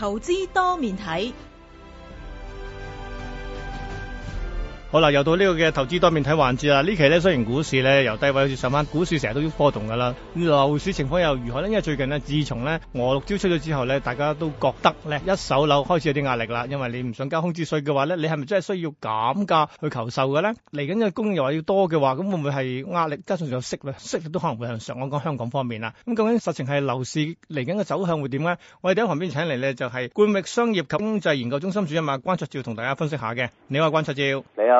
投資多面睇。好啦，又到呢個嘅投資多面睇環節啦。呢期咧，雖然股市咧由低位好似上翻，股市成日都要波動噶啦。樓市情況又如何咧？因為最近咧，自從咧娥六招出咗之後咧，大家都覺得咧一手樓開始有啲壓力啦。因為你唔想交空置稅嘅話咧，你係咪真係需要減價去求售嘅咧？嚟緊嘅供又話要多嘅話，咁會唔會係壓力加上仲有息率，息率都可能會向上，我講香港方面啦？咁究竟實情係樓市嚟緊嘅走向會點咧？我哋喺旁邊請嚟咧就係冠域商業及經濟研究中心主任阿關焯照同大家分析下嘅。你好啊，關焯照。你好。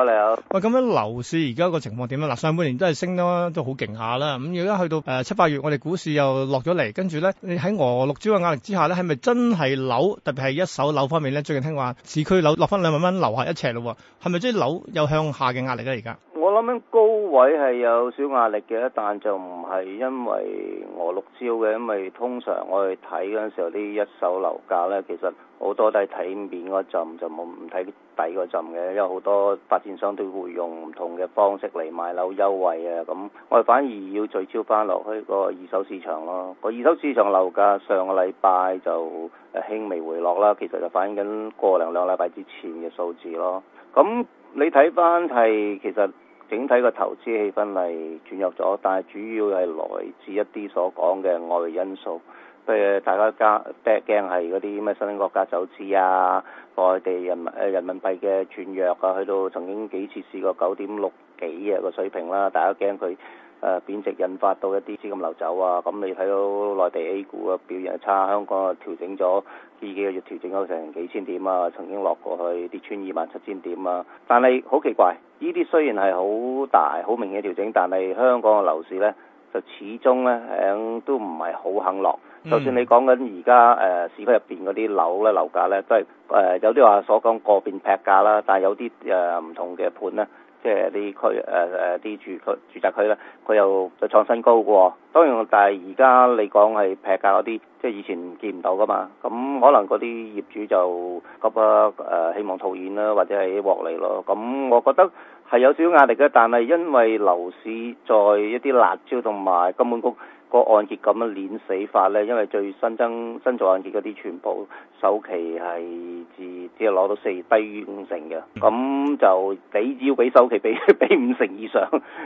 喂，咁、嗯、樣樓市而家個情況點咧？嗱，上半年都係升咯，都好勁下啦。咁而家去到誒、呃、七八月，我哋股市又落咗嚟，跟住咧，你喺我六千嘅壓力之下咧，係咪真係樓特別係一手樓方面咧？最近聽話市區樓落翻兩萬蚊樓下一尺嘞喎，係咪即係樓有向下嘅壓力咧而家？我諗緊高位係有少壓力嘅，但就唔係因為娥六招嘅，因為通常我哋睇嗰陣時候呢一手樓價呢，其實好多都係睇面嗰陣，就冇唔睇底嗰陣嘅，因為好多發展商都會用唔同嘅方式嚟買樓優惠啊，咁、嗯、我哋反而要聚焦翻落去個二手市場咯。個二手市場樓價上個禮拜就誒輕微回落啦，其實就反映緊過零兩個禮拜之前嘅數字咯。咁、嗯、你睇翻係其實。整體個投資氣氛嚟轉弱咗，但係主要係來自一啲所講嘅外圍因素，譬如大家加跌驚係嗰啲咩新興國家走資啊，外地人誒人民幣嘅轉弱啊，去到曾經幾次試過九點六幾啊個水平啦、啊，大家驚佢。誒貶、呃、值引發到一啲資金流走啊，咁你睇到內地 A 股嘅表現差，香港啊調整咗呢幾個月調整咗成幾千點啊，曾經落過去跌穿二萬七千點啊，但係好奇怪，呢啲雖然係好大好明顯嘅調整，但係香港嘅樓市呢，就始終呢響都唔係好肯落，嗯、就算你講緊而家誒市區入邊嗰啲樓咧，樓價呢，都係誒、呃、有啲話所講個別劈價啦，但係有啲誒唔同嘅盤呢。即係啲區，誒誒啲住區、呃、住宅區咧，佢又再創新高嘅喎、哦。當然，但係而家你講係劈價嗰啲，即係以前見唔到噶嘛。咁、嗯、可能嗰啲業主就急啊，誒、呃、希望套現啦，或者係獲利咯。咁、嗯、我覺得係有少少壓力嘅，但係因為樓市在一啲辣招同埋金本。谷。個按揭咁樣碾死法呢？因為最新增新造按揭嗰啲全部首期係至只係攞到四低於五成嘅，咁就俾只要俾首期俾俾五成以上，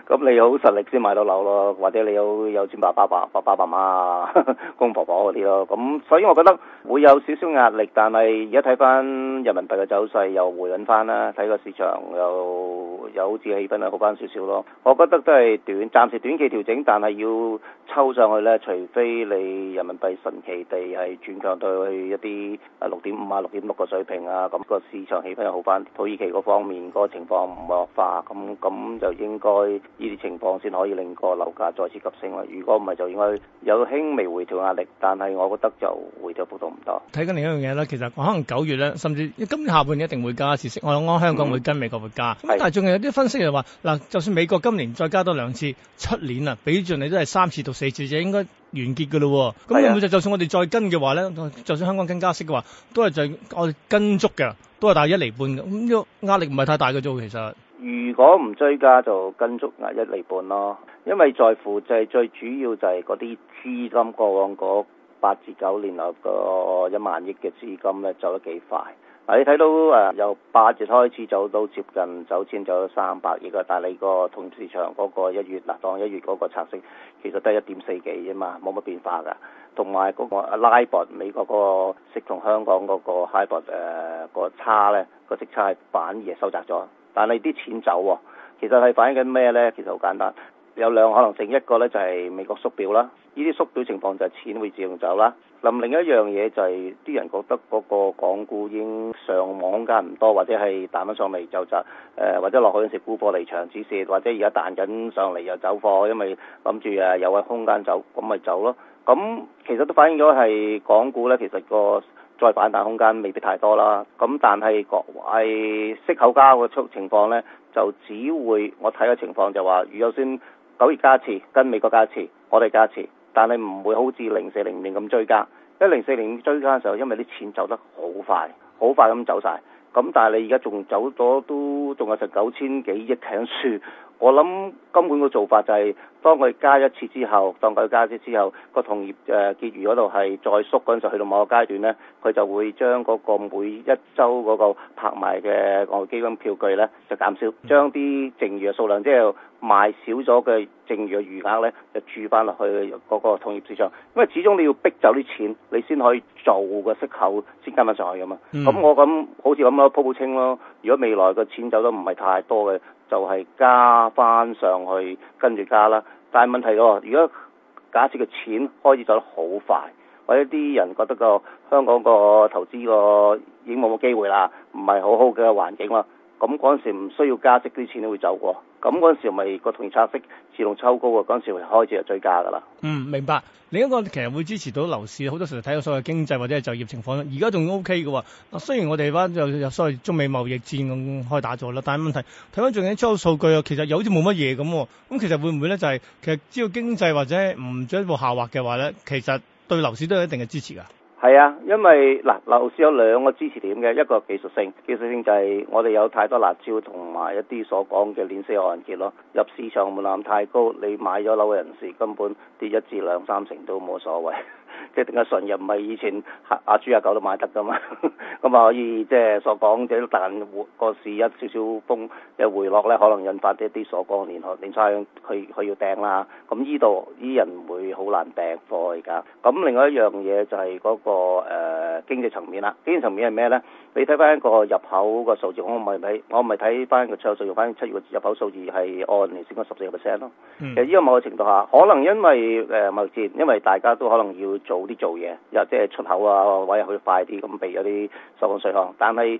咁你好實力先買到樓咯，或者你有有錢爸爸爸爸爸爸媽公婆婆嗰啲咯，咁所以我覺得會有少少壓力，但係而家睇翻人民幣嘅走勢又回穩翻啦，睇個市場又。有啲氣氛係好翻少少咯，我覺得都係短，暫時短期調整，但係要抽上去咧，除非你人民幣神奇地係轉強對去一啲啊六點五啊六點六個水平啊，咁個市場氣氛又好翻，土耳其嗰方面嗰個情況唔惡化，咁咁就應該呢啲情況先可以令個樓價再次急升啦。如果唔係就應該有輕微回調壓力，但係我覺得就回調幅度唔多。睇緊另一樣嘢啦，其實可能九月咧，甚至今年下半年一定會加息，我諗香港會跟美國會加，咁但係仲有。有啲分析又話，嗱，就算美國今年再加多兩次，七年啊，比盡你都係三次到四次就應該完結嘅咯。咁有就就算我哋再跟嘅話咧是的，就算香港跟加息嘅話，都係就我哋跟足嘅，都係大一厘半嘅。咁、嗯、呢、呢個壓力唔係太大嘅啫。其實，如果唔追加就跟足一厘半咯，因為在乎就係、是、最主要就係嗰啲資金過往嗰八至九年啊、嗰個一萬億嘅資金咧，走得幾快。你睇到誒由八月開始走到接近九千，走咗三百億嘅，但係你同個統市場嗰個一月嗱，當一月嗰個拆息其實得一點四幾啫嘛，冇乜變化㗎。同埋嗰個 LIBOR 美國嗰個息同香港嗰個 HIBOR 誒個差咧，個息差係反而係收窄咗。但係啲錢走喎、啊，其實係反映緊咩咧？其實好簡單。有兩個可能性，一個咧就係美國縮表啦，呢啲縮表情況就係錢會自動走啦。咁另一樣嘢就係、是、啲人覺得嗰個港股已經上網空間唔多，或者係彈咗上嚟就就誒、呃，或者落去嗰陣時沽貨離場止蝕，或者而家彈緊上嚟又走貨，因為諗住誒有個空間走，咁咪走咯。咁、嗯、其實都反映咗係港股咧，其實個再反彈空間未必太多啦。咁、嗯、但係個係息口交個出情況咧，就只會我睇嘅情況就話，如果先。九月加息跟美國加息，我哋加息，但係唔會好似零四零年咁追加。一零四零追加嘅時候，因為啲錢走得好快，好快咁走晒。咁但係你而家仲走咗，都仲有成九千幾億。嘅輸。我諗金管局做法就係、是，當佢加一次之後，當佢加一次之後，個同業誒、呃、結餘嗰度係再縮嗰陣時去到某個階段咧，佢就會將嗰個每一週嗰個拍賣嘅外匯基金票據咧，就減少，將啲剩餘嘅數量，即係賣少咗嘅剩餘嘅餘額咧，就注翻落去嗰個同業市場，因為始終你要逼走啲錢，你先可以做個息口先跟翻上去㗎嘛。咁、嗯、我諗好似咁樣鋪，鋪清咯。如果未來個錢走得唔係太多嘅。就係加翻上去，跟住加啦。但係問題喎，如果假設個錢開始走得好快，或者啲人覺得個香港個投資個已經冇乜機會啦，唔係好好嘅環境咯。咁嗰陣時唔需要加息啲錢都會走過，咁嗰陣時咪個同業拆息自動抽高喎，嗰陣時開始就追加㗎啦。嗯，明白。另一個其實會支持到樓市，好多時候睇到所謂經濟或者係就業情況咧，而家仲 O K 嘅喎。啊，雖然我哋咧又又所謂中美貿易戰咁開打咗啦，但係問題睇翻最近出咗數據啊，其實又好似冇乜嘢咁。咁其實會唔會咧就係、是、其實只要經濟或者唔進一步下滑嘅話咧，其實對樓市都有一定嘅支持啊。係啊，因為嗱，樓市有兩個支持點嘅，一個技術性，技術性就係我哋有太多辣椒同埋一啲所講嘅連鎖案件咯。入市場門檻太高，你買咗樓嘅人士根本跌一至兩三成都冇所謂。即係點解純入唔係以前阿阿豬阿狗都買得㗎嘛？咁 啊可以即係所講，啲蛋個市一少少風，嘅回落咧，可能引發一啲鎖降連可連帶佢佢要掟啦。咁依度依人會好難掟貨而家。咁另外一樣嘢就係嗰、那個誒經濟層面啦。經濟層面係咩咧？你睇翻個入口個數字，我唔係睇，我唔係睇翻個七月數字，用翻七月個入口數字係按年升咗十四個 percent 咯。其實依個某個程度下，可能因為誒貿戰，因為大家都可能要。早啲做嘢，又即係出口啊，或者去快啲，咁避咗啲收緊稅項。但係誒、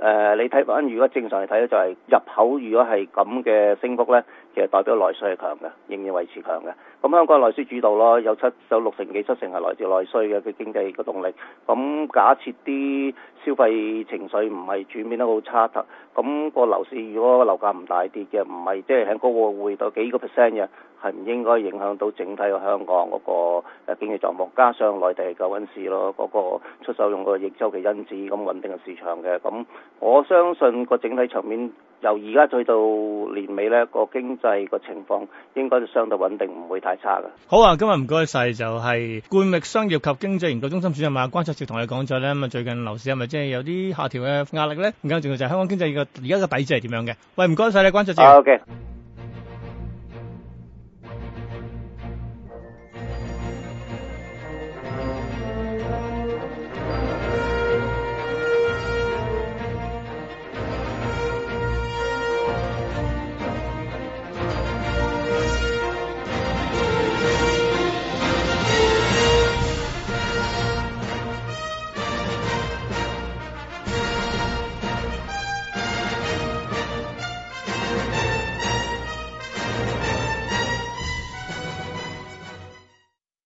呃，你睇翻如果正常嚟睇咧，就係、是、入口如果係咁嘅升幅咧，其實代表內需係強嘅，仍然維持強嘅。咁、嗯、香港內需主導咯，有七有六成幾七成係來自內需嘅佢經濟個動力。咁、嗯、假設啲消費情緒唔係轉變得好差，咁、嗯個樓市如果樓價唔大跌嘅，唔係即係喺嗰個回到幾個 percent 嘅。係唔應該影響到整體嘅香港嗰個經濟狀況，加上內地嘅溫市咯，嗰個出手用個逆周期因子咁穩定嘅市場嘅，咁我相信個整體場面由而家再到年尾咧，個經濟個情況應該就相對穩定，唔會太差嘅。好啊，今日唔該晒就係冠域商業及經濟研究中心主任馬關焯照同你講咗咧，咁啊最近樓市係咪即係有啲下調嘅壓力咧？咁緊要就係香港經濟個而家個底子係點樣嘅？喂，唔該晒你，關焯照。O K。